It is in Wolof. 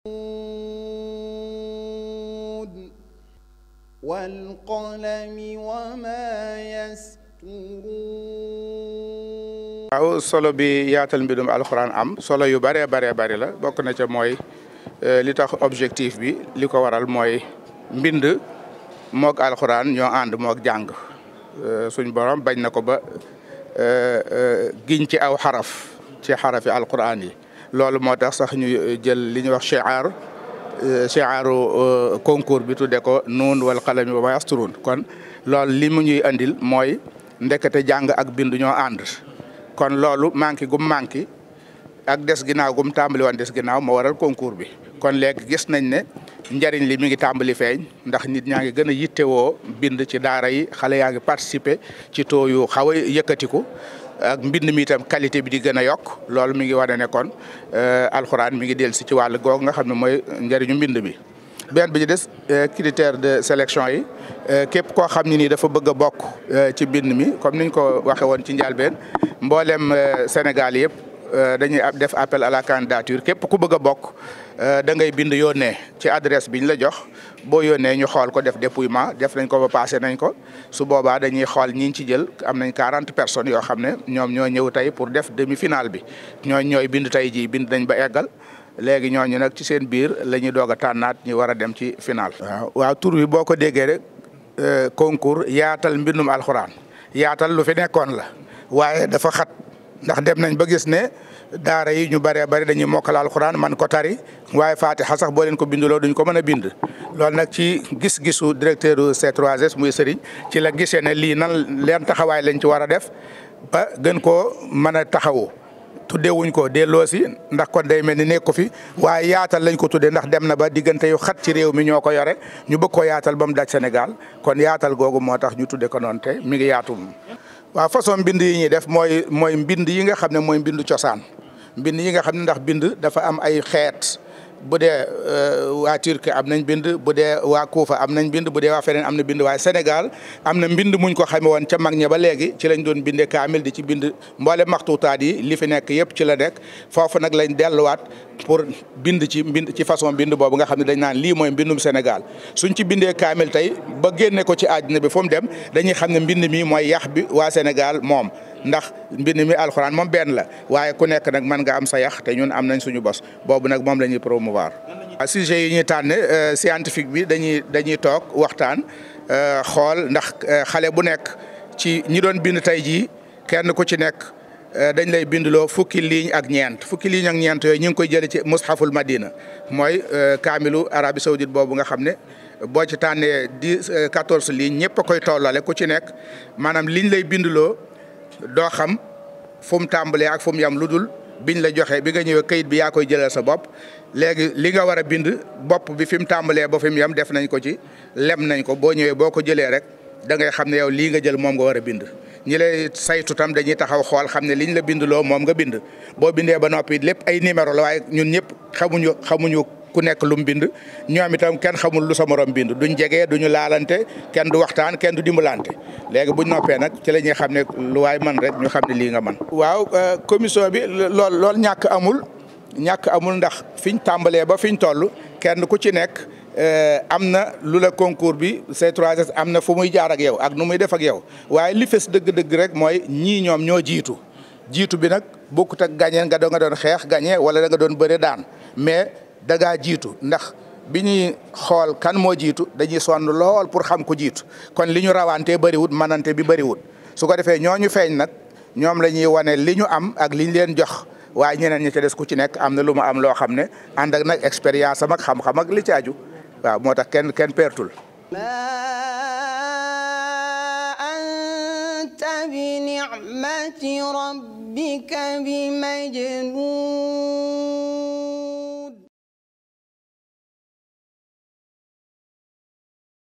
aw solo bi yaatal mbindum alxuraan am solo yu bëree baree bari la bokk na ca mooy eh, li tax objectif bi li ko waral mooy mbind moog alxuraan ñoo ànd moog jàng eh, suñ borom bañ na ko ba eh, giñ ci aw xaraf ci xarafi alxuraan yi loolu moo tax sax ñu euh, jël li ñuy wax chiar chiaru euh, euh, concours bi tuddee ko nuun wal qalami wa ma yasturuun kon loolu li mu ñuy andil mooy ndekete jàng ak bind ñoo ànd kon loolu manqué gum manqué ak des ginnaaw gum tàmbali wan des ginnaaw moo waral concours bi kon léegi gis nañ ne njariñ li mi ngi tàmbali feeñ ndax nit ñaa ngi gën a yittewoo bind ci daara yi xale yaa ngi participer ci taux yu xaw a yëkkatiku ak mbind mi itam qualité bi di gën a yokk loolu mi ngi wane ne kon euh, alxuraan mi ngi dellu si ci wàll googu nga xam ne mooy njëriñu mbind mi. benn bi ci des euh, critère de sélection yi euh, képp koo xam ne nii dafa bëgg a bokk ci mbind mi comme niñ ko waxee woon ci njëlbeen mboolem Sénégal yëpp dañuy def appel à la candidature képp ku bëgg a bokk. Euh, da ngay bind yónnee ci adresse biñ la jox boo yónnee ñu xool ko def dépouillement def nañ ko ba passé nañ ko su boobaa dañuy xool ñi ci jël am nañ quarante personnes yoo xam ne ñoom ñoo ñëw tey pour def demi finale bi ñooñ ñooy bind tey jii bind nañ ba eggal léegi ñooñu nag ci seen biir la ñuy doog a tànnaat ñu war a dem ci final. waaw tour tur boo ko déggee rek euh, concours yaatal mbindum alxuraan yaatal lu fi nekkoon la waaye dafa xat ndax dem nañ ba gis ne. daara yi ñu bëree bëri dañuy mokkal alxuraan man ko tari waaye Fatiha sax boo leen ko binduloo duñ ko mën a bind loolu nag ci gis-gisu directeur C3S muy Serigne ci la gisee ne lii nan leen taxawaay lañ ci war a def ba gën koo mën a taxawu. tuddee wuñ ko delloo si ndax kon day mel ni nekku fi waaye yaatal lañ ko tuddee ndax dem na ba diggante yu xat ci réew mi ñoo ko yore ñu bëgg ko yaatal ba mu daj Sénégal kon yaatal googu moo tax ñu tuddee ko noonu mi ngi yaatum waaw façon mbind yi ñuy def mooy mooy mbind yi nga xam ne mooy mbindu cosaan mbind yi nga xam ndax bind dafa am ay xeet bu dee euh, waa Turquie am nañ mbind bu dee waa Kuufa am nañ bind bu dee waa feneen am na bind waaye Sénégal am na mbind muñ ko xame woon ca mag ña ba léegi ci lañ doon bindee kaamil di ci bind mboole maxtuutaat yi li fi nekk yëpp ci la nekk foofu nag lañ delluwaat pour bind ci mbind ci façon bind boobu nga xam ne dañ naan lii mooy mbindum Sénégal suñ ci bindee kaamil tey ba génne ko ci àddina bi fu mu dem dañuy xam ne mbind mi mooy yax bi waa Sénégal moom ndax mbind mi alxuraan moom benn la waaye ku nekk nag mën nga am sa yax te ñun am nañ suñu bos boobu nag moom la ñuy promouvoir. sujet yi ñuy tànn euh, scientifique bi dañuy dañuy toog waxtaan euh, xool ndax euh, xale bu nekk ci ñi doon bind tey jii kenn ku ci nekk. dañ lay bindloo fukki ligne ak ñeent fukki ligne ak ñeent yooyu ñu ngi koy jëlee ci mushaful madina mooy kaamilu Arabie Saoudite boobu nga xam ne boo ci tànnee dix quatorze ligne ñëpp koy tollale ku ci nekk maanaam liñ lay bindloo. doo xam fu mu tàmbalee ak fu yam lu dul biñ la joxe bi nga ñëwee kayit bi yaa koy jëlal sa bopp léegi li nga war a bind bopp bi fi mu tàmbalee ba mu yam def nañ ko ci lem nañ ko boo ñëwee boo ko jëlee rek dangay xam ne yow lii nga jël moom nga war a bind. ñi lay saytu tam dañuy taxaw xool xam ne liñ la bind loo moom nga bind boo bindee ba noppi lépp ay numéro la waaye ñun ñëpp xamuñu xamuñu. ku nekk lu mu bind ñoom itam kenn xamul lu sa morom bind duñ jege duñu laalante kenn du waxtaan kenn du dimbalante léegi buñ noppee nag ci la ñuy xam ne lu waay man rek ñu xam ne lii nga man waaw euh, commission bi lool lool ñàkk amul ñàkk amul ndax fiñ tàmbalee ba fiñ toll kenn ku ci nekk euh, am na lu la concours bi C3S am na fu muy jaar ak yow ak nu muy def ak yow waaye li fes dëgg-dëgg rek mooy ñii ñoom ñoo jiitu jiitu bi nag bokkut ak gagné nga doon nga doon xeex gagné wala da doon bëre daan dangaa jiitu ndax bi ñuy xool kan moo jiitu dañuy sonn lool pour xam ko jiitu kon li ñu rawantee bëriwut manante bi bëriwut su ko defee ñooñu feeñ nag ñoom la ñuy wane li ñu am ak liñ leen jox waaye ñeneen ñi ca des ku ci nekk am na lu mu am loo xam ne ànd ak nag expérience am ak xam-xam ak li ci aju waaw moo tax kenn kenn pertul anta bi ni'mati rabbika bi majnun